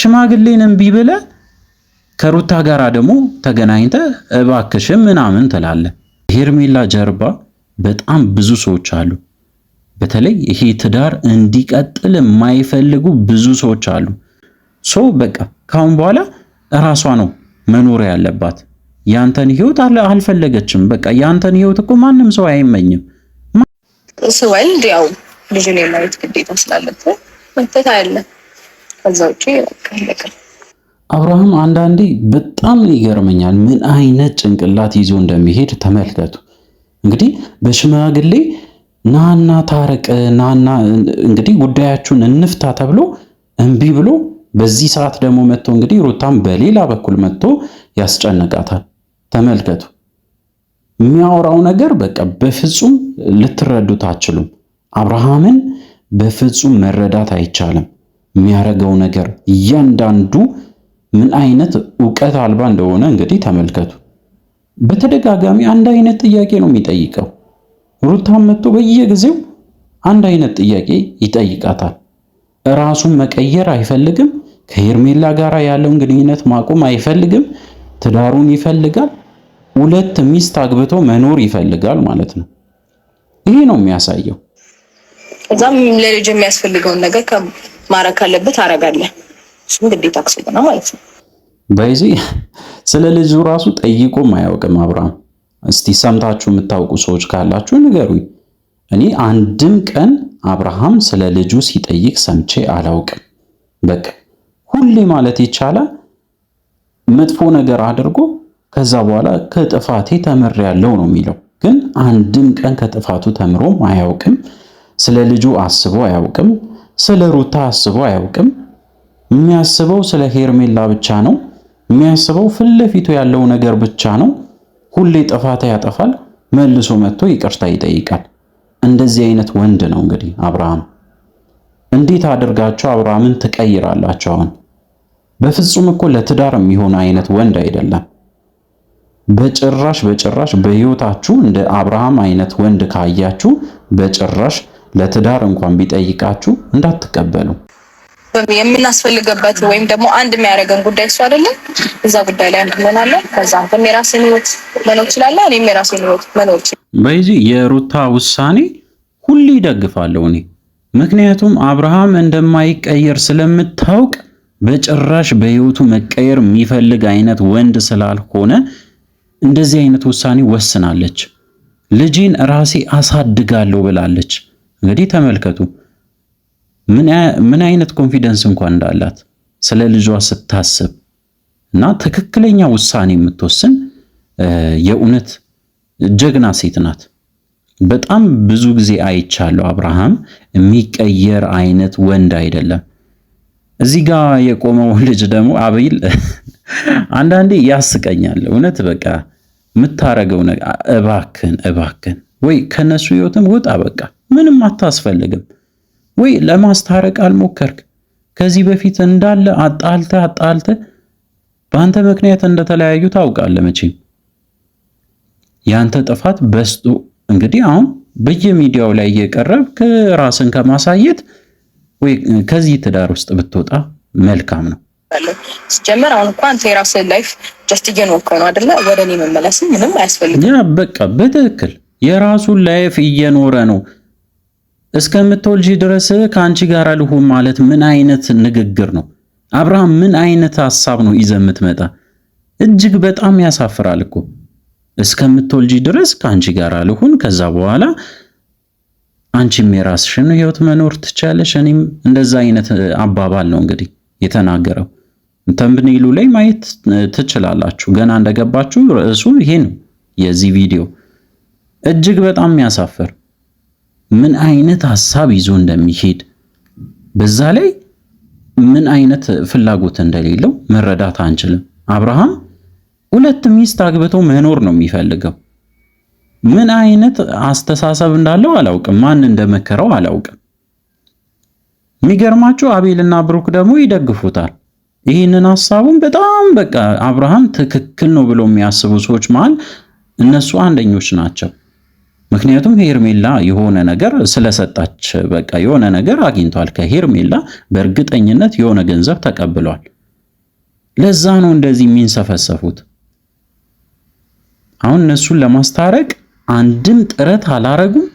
ሽማግሌን እምቢ ከሩታ ጋር ደግሞ ተገናኝተ እባክሽ ምናምን ትላለ ሄርሜላ ጀርባ በጣም ብዙ ሰዎች አሉ። በተለይ ይሄ ትዳር እንዲቀጥል የማይፈልጉ ብዙ ሰዎች አሉ። ሶ በቃ ካሁን በኋላ እራሷ ነው መኖር ያለባት። ያንተን ህይወት አልፈለገችም። በቃ ያንተን ህይወት እኮ ማንም ሰው አይመኝም። እሱ ያው ልጅ ላይ ግዴታ ስላለብህ መተታ ያለ ከዛ ውጭ አብርሃም አንዳንዴ በጣም ይገርመኛል። ምን አይነት ጭንቅላት ይዞ እንደሚሄድ ተመልከቱ። እንግዲህ በሽማግሌ ናና ታረቅ ናና እንግዲህ ጉዳያችሁን እንፍታ ተብሎ እምቢ ብሎ በዚህ ሰዓት ደግሞ መጥቶ እንግዲህ ሩታም በሌላ በኩል መጥቶ ያስጨንቃታል። ተመልከቱ የሚያወራው ነገር በቃ በፍጹም ልትረዱት አችሉም አብርሃምን በፍጹም መረዳት አይቻልም። የሚያደርገው ነገር እያንዳንዱ ምን አይነት እውቀት አልባ እንደሆነ እንግዲህ ተመልከቱ። በተደጋጋሚ አንድ አይነት ጥያቄ ነው የሚጠይቀው። ሩታም መጥቶ በየጊዜው አንድ አይነት ጥያቄ ይጠይቃታል። ራሱን መቀየር አይፈልግም። ከሄርሜላ ጋር ያለውን ግንኙነት ማቆም አይፈልግም። ትዳሩን ይፈልጋል። ሁለት ሚስት አግብቶ መኖር ይፈልጋል ማለት ነው። ይሄ ነው የሚያሳየው። እዛም ለልጅ የሚያስፈልገውን ነገር ማድረግ ካለበት አረጋለህ። እሱም ግዴታ ስለሆነ ማለት ነው። ባይዚ ስለ ልጁ ራሱ ጠይቆም አያውቅም አብርሃም። እስቲ ሰምታችሁ የምታውቁ ሰዎች ካላችሁ ንገሩኝ። እኔ አንድም ቀን አብርሃም ስለ ልጁ ሲጠይቅ ሰምቼ አላውቅም። በቃ ሁሌ ማለት ይቻላል መጥፎ ነገር አድርጎ ከዛ በኋላ ከጥፋቴ ተምሬያለሁ ነው የሚለው። ግን አንድም ቀን ከጥፋቱ ተምሮም አያውቅም። ስለ ልጁ አስቦ አያውቅም። ስለ ሩታ አስቦ አያውቅም። የሚያስበው ስለ ሄርሜላ ብቻ ነው። የሚያስበው ፊት ለፊቱ ያለው ነገር ብቻ ነው። ሁሌ ጥፋት ያጠፋል፣ መልሶ መጥቶ ይቅርታ ይጠይቃል። እንደዚህ አይነት ወንድ ነው እንግዲህ አብርሃም። እንዴት አድርጋቸው አብርሃምን ትቀይራላቸው? አሁን በፍጹም እኮ ለትዳር የሚሆን አይነት ወንድ አይደለም። በጭራሽ በጭራሽ። በህይወታችሁ እንደ አብርሃም አይነት ወንድ ካያችሁ በጭራሽ ለትዳር እንኳን ቢጠይቃችሁ እንዳትቀበሉ። የምናስፈልገበት ወይም ደግሞ አንድ የሚያደርገን ጉዳይ እሱ አይደለም። እዛ ጉዳይ ላይ አንድ እንሆናለን። ከዛ አንተም የራስህን ህይወት መኖር ትችላለህ፣ እኔም የራሴን ህይወት መኖር እችላለሁ። በዚህ የሩታ ውሳኔ ሁሉ ይደግፋለሁ እኔ ምክንያቱም አብርሃም እንደማይቀየር ስለምታውቅ በጭራሽ በህይወቱ መቀየር የሚፈልግ አይነት ወንድ ስላልሆነ እንደዚህ አይነት ውሳኔ ወስናለች። ልጅን ራሴ አሳድጋለሁ ብላለች። እንግዲህ ተመልከቱ ምን አይነት ኮንፊደንስ እንኳን እንዳላት ስለ ልጇ ስታስብ እና ትክክለኛ ውሳኔ የምትወስን የእውነት ጀግና ሴት ናት። በጣም ብዙ ጊዜ አይቻለሁ። አብርሃም የሚቀየር አይነት ወንድ አይደለም። እዚህ ጋር የቆመው ልጅ ደግሞ አቤል አንዳንዴ ያስቀኛል። እውነት በቃ የምታረገው ነገር እባክን እባክን ወይ ከነሱ ህይወትም ውጣ፣ በቃ ምንም አታስፈልግም። ወይ ለማስታረቅ አልሞከርክ። ከዚህ በፊት እንዳለ አጣልተ አጣልተ በአንተ ምክንያት እንደተለያዩ ታውቃለህ። መቼም ያንተ ጥፋት በስጡ እንግዲህ አሁን በየሚዲያው ላይ እየቀረብክ ራስን ከማሳየት ወይ ከዚህ ትዳር ውስጥ ብትወጣ መልካም ነው። ሲጀመር አሁን እንኳን አንተ የራስህን ላይፍ ጀስት እየኖርከው ነው አይደለ? ወደ እኔ ምንም አያስፈልግም። ያ በቃ በትክክል የራሱን ላይፍ እየኖረ ነው። እስከምትወልጂ ድረስ ከአንቺ ጋር ልሁን ማለት ምን አይነት ንግግር ነው? አብርሃም ምን አይነት ሐሳብ ነው ይዘህ የምትመጣ? እጅግ በጣም ያሳፍራል እኮ። እስከምትወልጂ ድረስ ከአንቺ ጋር ልሁን፣ ከዛ በኋላ አንቺም የራስሽን ህይወት መኖር ትቻለሽ። እኔም እንደዛ አይነት አባባል ነው እንግዲህ የተናገረው። ተምብኔሉ ላይ ማየት ትችላላችሁ። ገና እንደገባችሁ ርዕሱ ይሄ ነው የዚህ ቪዲዮ እጅግ በጣም የሚያሳፍር ምን አይነት ሐሳብ ይዞ እንደሚሄድ በዛ ላይ ምን አይነት ፍላጎት እንደሌለው መረዳት አንችልም። አብርሃም ሁለት ሚስት አግብቶ መኖር ነው የሚፈልገው። ምን አይነት አስተሳሰብ እንዳለው አላውቅም። ማን እንደመከረው አላውቅም። የሚገርማችሁ አቤልና ብሩክ ደግሞ ይደግፉታል። ይህንን ሐሳቡን በጣም በቃ አብርሃም ትክክል ነው ብሎ የሚያስቡ ሰዎች መሃል እነሱ አንደኞች ናቸው። ምክንያቱም ሄርሜላ የሆነ ነገር ስለሰጣች በቃ የሆነ ነገር አግኝቷል። ከሄርሜላ በእርግጠኝነት የሆነ ገንዘብ ተቀብሏል። ለዛ ነው እንደዚህ የሚንሰፈሰፉት። አሁን እነሱን ለማስታረቅ አንድም ጥረት አላረጉም።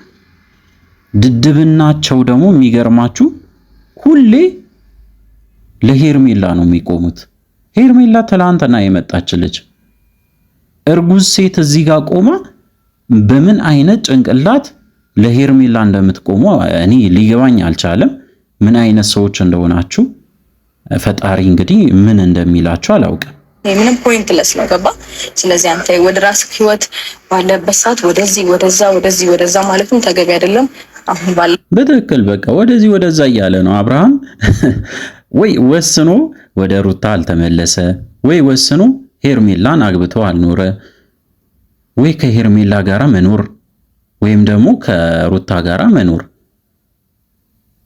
ድድብናቸው ደግሞ የሚገርማችሁ ሁሌ ለሄርሜላ ነው የሚቆሙት። ሄርሜላ ትላንትና የመጣች ልጅ እርጉዝ ሴት እዚህ ጋር ቆማ በምን አይነት ጭንቅላት ለሄርሜላ እንደምትቆሙ እኔ ሊገባኝ አልቻለም። ምን አይነት ሰዎች እንደሆናችሁ ፈጣሪ እንግዲህ ምን እንደሚላችሁ አላውቅም። ምንም ፖይንት ለስ ነው ገባ። ስለዚህ አንተ ወደ ራስህ ህይወት ባለበት ሰዓት ወደዚህ ወደዛ ወደዚህ ወደዛ ማለትም ተገቢ አይደለም። አሁን ባለ በትክክል በቃ ወደዚህ ወደዛ እያለ ነው አብርሃም። ወይ ወስኖ ወደ ሩታ አልተመለሰ፣ ወይ ወስኖ ሄርሜላን አግብቶ አልኖረ ወይ ከሄርሜላ ጋራ መኖር ወይም ደግሞ ከሩታ ጋራ መኖር።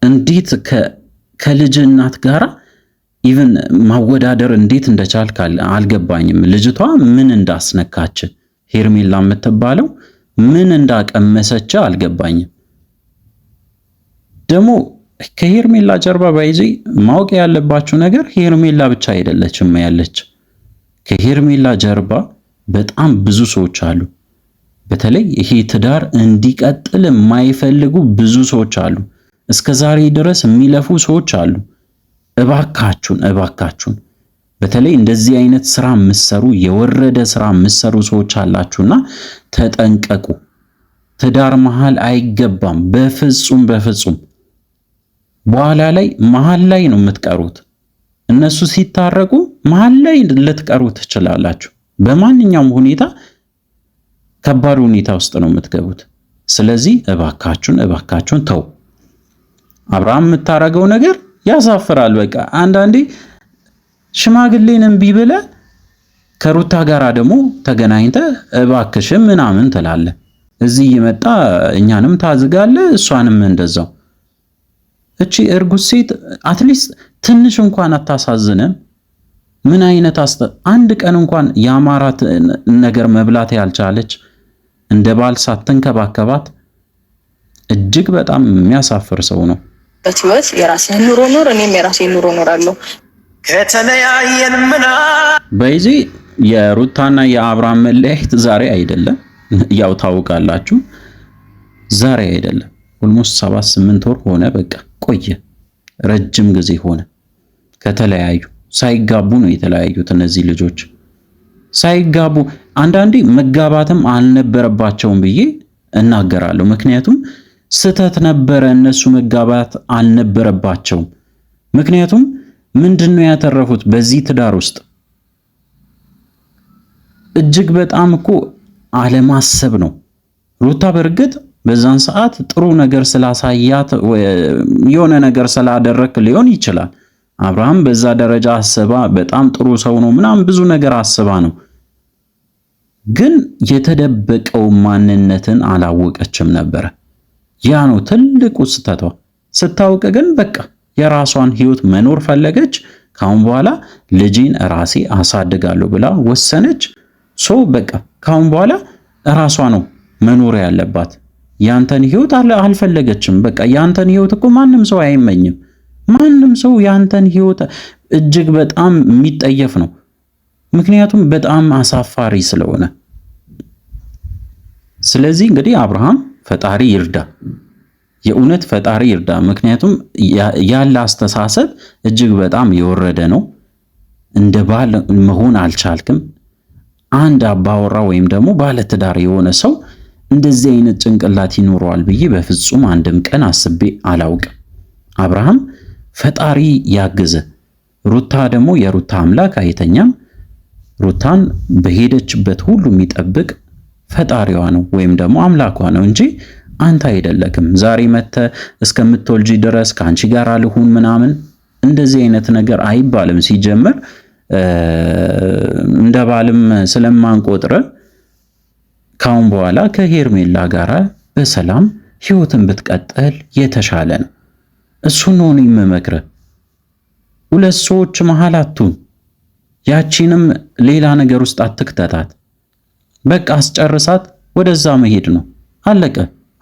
እንዴት ከልጅ እናት ጋራ ኢቭን ማወዳደር እንዴት እንደቻል አልገባኝም። ልጅቷ ምን እንዳስነካች ሄርሜላ የምትባለው ምን እንዳቀመሰች አልገባኝም። ደግሞ ከሄርሜላ ጀርባ ባይዜ ማወቅ ያለባችሁ ነገር ሄርሜላ ብቻ አይደለችም ያለች ከሄርሜላ ጀርባ በጣም ብዙ ሰዎች አሉ። በተለይ ይሄ ትዳር እንዲቀጥል የማይፈልጉ ብዙ ሰዎች አሉ። እስከ ዛሬ ድረስ የሚለፉ ሰዎች አሉ። እባካችሁን እባካችሁን በተለይ እንደዚህ አይነት ስራ የምትሰሩ የወረደ ስራ የምትሰሩ ሰዎች አላችሁና ተጠንቀቁ። ትዳር መሃል አይገባም። በፍጹም በፍጹም። በኋላ ላይ መሃል ላይ ነው የምትቀሩት። እነሱ ሲታረቁ መሃል ላይ ልትቀሩ ትችላላችሁ። በማንኛውም ሁኔታ ከባድ ሁኔታ ውስጥ ነው የምትገቡት። ስለዚህ እባካችሁን እባካችሁን ተው። አብርሃም የምታረገው ነገር ያሳፍራል። በቃ አንዳንዴ ሽማግሌን እምቢ ብለ ከሩታ ጋራ ደግሞ ተገናኝተ እባክሽም ምናምን ትላለ እዚህ እየመጣ እኛንም ታዝጋለ እሷንም እንደዛው። እቺ እርጉዝ ሴት አትሊስት ትንሽ እንኳን አታሳዝንም? ምን አይነት አስተ አንድ ቀን እንኳን የአማራት ነገር መብላት ያልቻለች እንደ ባል ሳትንከባከባት እጅግ በጣም የሚያሳፍር ሰው ነው። በህይወት የራሴ ኑሮ ኖር፣ እኔም የራሴ ኑሮ ኖራለሁ። ከተለያየን ምና በዚህ የሩታና የአብርሃም መለያየት ዛሬ አይደለም፣ ያው ታውቃላችሁ፣ ዛሬ አይደለም። ኦልሞስት ሰባት ስምንት ወር ሆነ፣ በቃ ቆየ፣ ረጅም ጊዜ ሆነ ከተለያዩ ሳይጋቡ ነው የተለያዩት እነዚህ ልጆች ሳይጋቡ። አንዳንዴ መጋባትም አልነበረባቸውም ብዬ እናገራለሁ። ምክንያቱም ስህተት ነበረ፣ እነሱ መጋባት አልነበረባቸውም። ምክንያቱም ምንድን ነው ያተረፉት በዚህ ትዳር ውስጥ እጅግ በጣም እኮ አለማሰብ ነው። ሩታ በእርግጥ በዛን ሰዓት ጥሩ ነገር ስላሳያት የሆነ ነገር ስላደረክ ሊሆን ይችላል። አብርሃም በዛ ደረጃ አስባ በጣም ጥሩ ሰው ነው ምናምን ብዙ ነገር አስባ ነው። ግን የተደበቀው ማንነትን አላወቀችም ነበረ። ያ ነው ትልቁ ስተቷ። ስታውቅ ግን በቃ የራሷን ህይወት መኖር ፈለገች። ካሁን በኋላ ልጅን ራሴ አሳድጋለሁ ብላ ወሰነች። ሶ በቃ ካሁን በኋላ ራሷ ነው መኖር ያለባት። ያንተን ህይወት አልፈለገችም። በቃ ያንተን ህይወት እኮ ማንም ሰው አይመኝም። ማንም ሰው ያንተን ህይወት እጅግ በጣም የሚጠየፍ ነው። ምክንያቱም በጣም አሳፋሪ ስለሆነ። ስለዚህ እንግዲህ አብርሃም ፈጣሪ ይርዳ፣ የእውነት ፈጣሪ ይርዳ። ምክንያቱም ያለ አስተሳሰብ እጅግ በጣም የወረደ ነው። እንደ ባል መሆን አልቻልክም። አንድ አባወራ ወይም ደግሞ ባለትዳር የሆነ ሰው እንደዚህ አይነት ጭንቅላት ይኖረዋል ብዬ በፍጹም አንድም ቀን አስቤ አላውቅም። አብርሃም ፈጣሪ ያግዘ ሩታ ደግሞ የሩታ አምላክ አይተኛም። ሩታን በሄደችበት ሁሉ የሚጠብቅ ፈጣሪዋ ነው ወይም ደግሞ አምላኳ ነው እንጂ አንተ አይደለክም። ዛሬ መተ እስከምትወልጂ ድረስ ከአንቺ ጋር ልሁን ምናምን እንደዚህ አይነት ነገር አይባልም። ሲጀምር እንደ ባልም ስለማንቆጥር ካሁን በኋላ ከሄርሜላ ጋር በሰላም ህይወትን ብትቀጥል የተሻለ ነው። እሱን ነው እኔ የምመክርህ። ሁለት ሰዎች መሃል አትሁን። ያቺንም ሌላ ነገር ውስጥ አትክተታት። በቃ አስጨርሳት፣ ወደዛ መሄድ ነው አለቀ።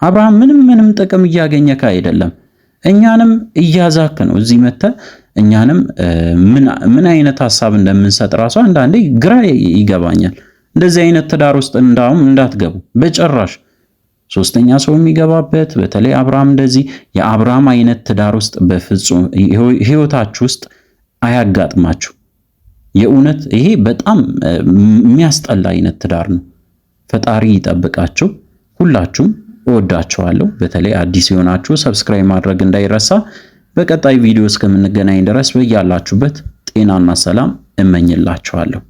አብርሃም ምንም ምንም ጥቅም እያገኘህ አይደለም። እኛንም እያዛክ ነው እዚህ መጥተህ እኛንም ምን አይነት ሀሳብ እንደምንሰጥ ራሱ አንዳንዴ ግራ ይገባኛል። እንደዚህ አይነት ትዳር ውስጥ እንዳውም እንዳትገቡ በጭራሽ። ሶስተኛ ሰው የሚገባበት በተለይ አብርሃም እንደዚህ የአብርሃም አይነት ትዳር ውስጥ በፍጹም ህይወታችሁ ውስጥ አያጋጥማችሁ። የእውነት ይሄ በጣም የሚያስጠላ አይነት ትዳር ነው። ፈጣሪ ይጠብቃችሁ። ሁላችሁም እወዳችኋለሁ። በተለይ አዲስ የሆናችሁ ሰብስክራይብ ማድረግ እንዳይረሳ። በቀጣይ ቪዲዮ እስከምንገናኝ ድረስ በያላችሁበት ጤናና ሰላም እመኝላችኋለሁ።